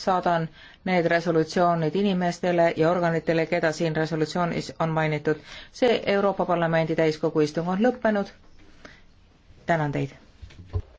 saadan need resolutsioonid inimestele ja organitele, keda siin resolutsioonis on mainitud. see Euroopa Parlamendi täiskogu istung on lõppenud. tänan teid.